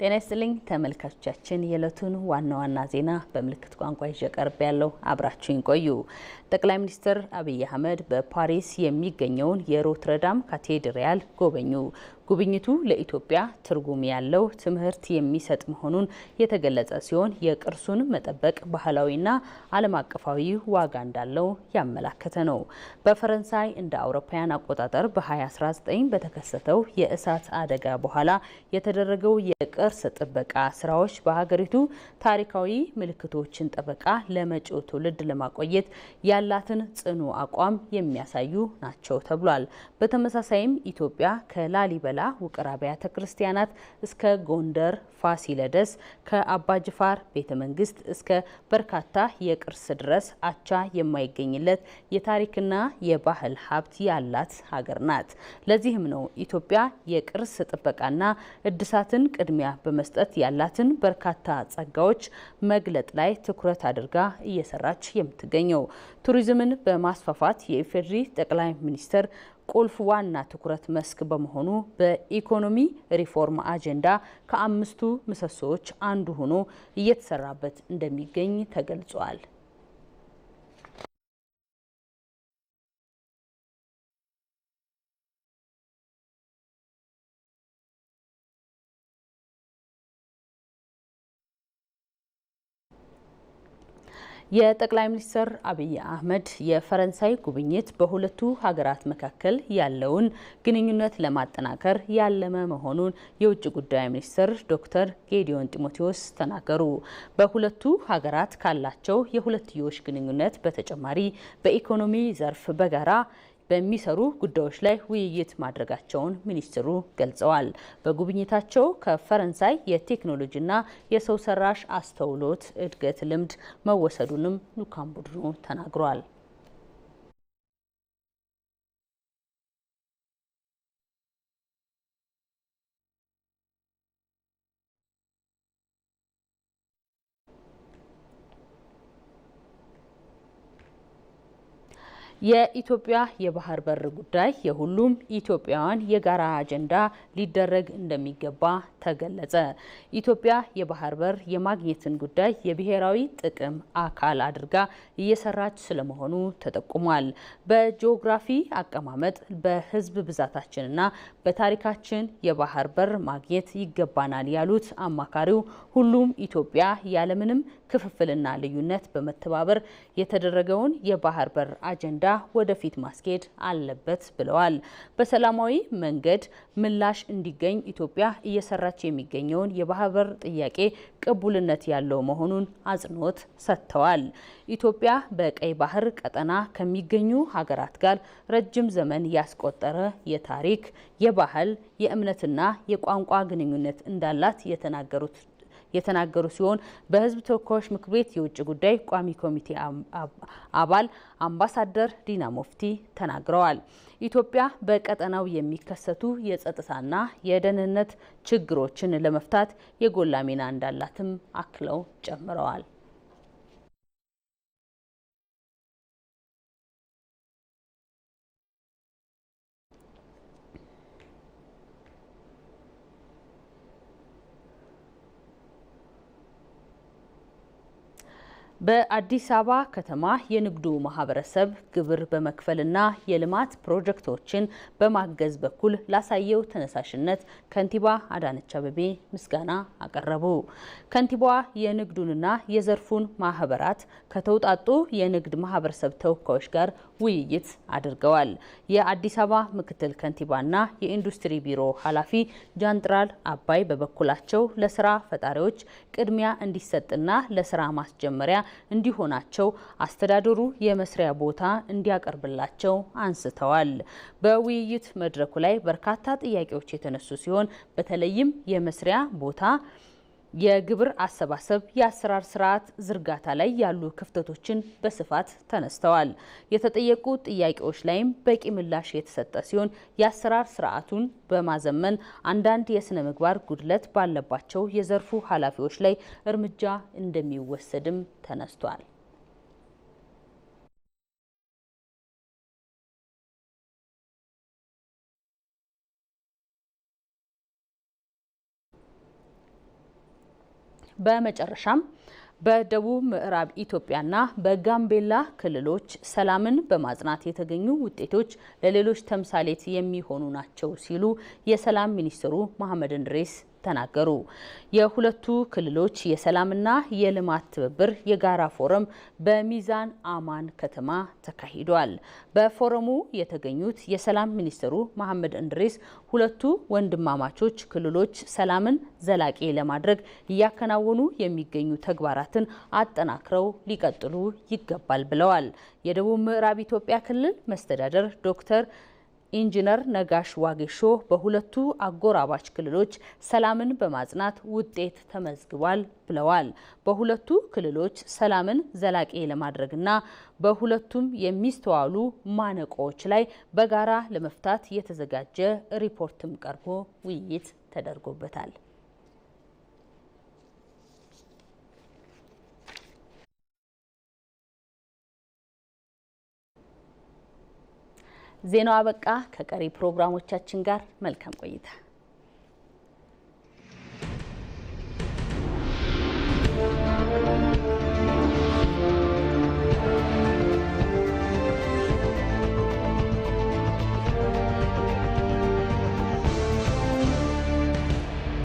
ጤና ይስጥልኝ ተመልካቾቻችን፣ የዕለቱን ዋና ዋና ዜና በምልክት ቋንቋ ይዤ ቀርብ ያለው አብራችሁን ቆዩ። ጠቅላይ ሚኒስትር አብይ አህመድ በፓሪስ የሚገኘውን የሮትረዳም ካቴድራል ጎበኙ። ጉብኝቱ ለኢትዮጵያ ትርጉም ያለው ትምህርት የሚሰጥ መሆኑን የተገለጸ ሲሆን የቅርሱን መጠበቅ ባህላዊና ዓለም አቀፋዊ ዋጋ እንዳለው ያመላከተ ነው። በፈረንሳይ እንደ አውሮፓውያን አቆጣጠር በ2019 በተከሰተው የእሳት አደጋ በኋላ የተደረገው የቅርስ ጥበቃ ስራዎች በሀገሪቱ ታሪካዊ ምልክቶችን ጠበቃ ለመጪው ትውልድ ለማቆየት ያላትን ጽኑ አቋም የሚያሳዩ ናቸው ተብሏል። በተመሳሳይም ኢትዮጵያ ከላሊበላ ከላላ ውቅር አብያተ ክርስቲያናት እስከ ጎንደር ፋሲለደስ ከአባጅፋር ቤተ መንግስት እስከ በርካታ የቅርስ ድረስ አቻ የማይገኝለት የታሪክና የባህል ሀብት ያላት ሀገር ናት። ለዚህም ነው ኢትዮጵያ የቅርስ ጥበቃና እድሳትን ቅድሚያ በመስጠት ያላትን በርካታ ጸጋዎች መግለጥ ላይ ትኩረት አድርጋ እየሰራች የምትገኘው። ቱሪዝምን በማስፋፋት የኢፌዴሪ ጠቅላይ ሚኒስትር ቁልፍ ዋና ትኩረት መስክ በመሆኑ በኢኮኖሚ ሪፎርም አጀንዳ ከአምስቱ ምሰሶዎች አንዱ ሆኖ እየተሰራበት እንደሚገኝ ተገልጿል። የጠቅላይ ሚኒስትር አብይ አህመድ የፈረንሳይ ጉብኝት በሁለቱ ሀገራት መካከል ያለውን ግንኙነት ለማጠናከር ያለመ መሆኑን የውጭ ጉዳይ ሚኒስትር ዶክተር ጌዲዮን ጢሞቴዎስ ተናገሩ። በሁለቱ ሀገራት ካላቸው የሁለትዮሽ ግንኙነት በተጨማሪ በኢኮኖሚ ዘርፍ በጋራ በሚሰሩ ጉዳዮች ላይ ውይይት ማድረጋቸውን ሚኒስትሩ ገልጸዋል። በጉብኝታቸው ከፈረንሳይ የቴክኖሎጂና የሰው ሰራሽ አስተውሎት እድገት ልምድ መወሰዱንም ልዑካን ቡድኑ ተናግሯል። የኢትዮጵያ የባህር በር ጉዳይ የሁሉም ኢትዮጵያውያን የጋራ አጀንዳ ሊደረግ እንደሚገባ ተገለጸ። ኢትዮጵያ የባህር በር የማግኘትን ጉዳይ የብሔራዊ ጥቅም አካል አድርጋ እየሰራች ስለመሆኑ ተጠቁሟል። በጂኦግራፊ አቀማመጥ በህዝብ ብዛታችንና በታሪካችን የባህር በር ማግኘት ይገባናል ያሉት አማካሪው ሁሉም ኢትዮጵያ ያለምንም ክፍፍልና ልዩነት በመተባበር የተደረገውን የባህር በር አጀንዳ ወደፊት ማስኬድ አለበት ብለዋል። በሰላማዊ መንገድ ምላሽ እንዲገኝ ኢትዮጵያ እየሰራች የሚገኘውን የባህር በር ጥያቄ ቅቡልነት ያለው መሆኑን አጽንኦት ሰጥተዋል። ኢትዮጵያ በቀይ ባህር ቀጠና ከሚገኙ ሀገራት ጋር ረጅም ዘመን ያስቆጠረ የታሪክ፣ የባህል፣ የእምነትና የቋንቋ ግንኙነት እንዳላት የተናገሩት የተናገሩ ሲሆን በህዝብ ተወካዮች ምክር ቤት የውጭ ጉዳይ ቋሚ ኮሚቴ አባል አምባሳደር ዲና ሞፍቲ ተናግረዋል። ኢትዮጵያ በቀጠናው የሚከሰቱ የጸጥታና የደህንነት ችግሮችን ለመፍታት የጎላ ሚና እንዳላትም አክለው ጨምረዋል። በአዲስ አበባ ከተማ የንግዱ ማህበረሰብ ግብር በመክፈልና የልማት ፕሮጀክቶችን በማገዝ በኩል ላሳየው ተነሳሽነት ከንቲባ አዳነች አበቤ ምስጋና አቀረቡ። ከንቲባዋ የንግዱንና የዘርፉን ማህበራት ከተውጣጡ የንግድ ማህበረሰብ ተወካዮች ጋር ውይይት አድርገዋል። የአዲስ አበባ ምክትል ከንቲባና የኢንዱስትሪ ቢሮ ኃላፊ ጃንጥራል አባይ በበኩላቸው ለስራ ፈጣሪዎች ቅድሚያ እንዲሰጥና ለስራ ማስጀመሪያ እንዲሆናቸው አስተዳደሩ የመስሪያ ቦታ እንዲያቀርብላቸው አንስተዋል። በውይይት መድረኩ ላይ በርካታ ጥያቄዎች የተነሱ ሲሆን በተለይም የመስሪያ ቦታ የግብር አሰባሰብ የአሰራር ስርዓት ዝርጋታ ላይ ያሉ ክፍተቶችን በስፋት ተነስተዋል። የተጠየቁ ጥያቄዎች ላይም በቂ ምላሽ የተሰጠ ሲሆን የአሰራር ስርዓቱን በማዘመን አንዳንድ የስነ ምግባር ጉድለት ባለባቸው የዘርፉ ኃላፊዎች ላይ እርምጃ እንደሚወሰድም ተነስቷል። በመጨረሻም በደቡብ ምዕራብ ኢትዮጵያና በጋምቤላ ክልሎች ሰላምን በማጽናት የተገኙ ውጤቶች ለሌሎች ተምሳሌት የሚሆኑ ናቸው ሲሉ የሰላም ሚኒስትሩ መሐመድ እንድሬስ ተናገሩ። የሁለቱ ክልሎች የሰላምና የልማት ትብብር የጋራ ፎረም በሚዛን አማን ከተማ ተካሂዷል። በፎረሙ የተገኙት የሰላም ሚኒስትሩ መሐመድ እንድሬስ ሁለቱ ወንድማማቾች ክልሎች ሰላምን ዘላቂ ለማድረግ እያከናወኑ የሚገኙ ተግባራትን አጠናክረው ሊቀጥሉ ይገባል ብለዋል። የደቡብ ምዕራብ ኢትዮጵያ ክልል መስተዳደር ዶክተር ኢንጂነር ነጋሽ ዋጌሾ በሁለቱ አጎራባች ክልሎች ሰላምን በማጽናት ውጤት ተመዝግቧል ብለዋል። በሁለቱ ክልሎች ሰላምን ዘላቂ ለማድረግና በሁለቱም የሚስተዋሉ ማነቆዎች ላይ በጋራ ለመፍታት የተዘጋጀ ሪፖርትም ቀርቦ ውይይት ተደርጎበታል። ዜናው አበቃ። ከቀሪ ፕሮግራሞቻችን ጋር መልካም ቆይታ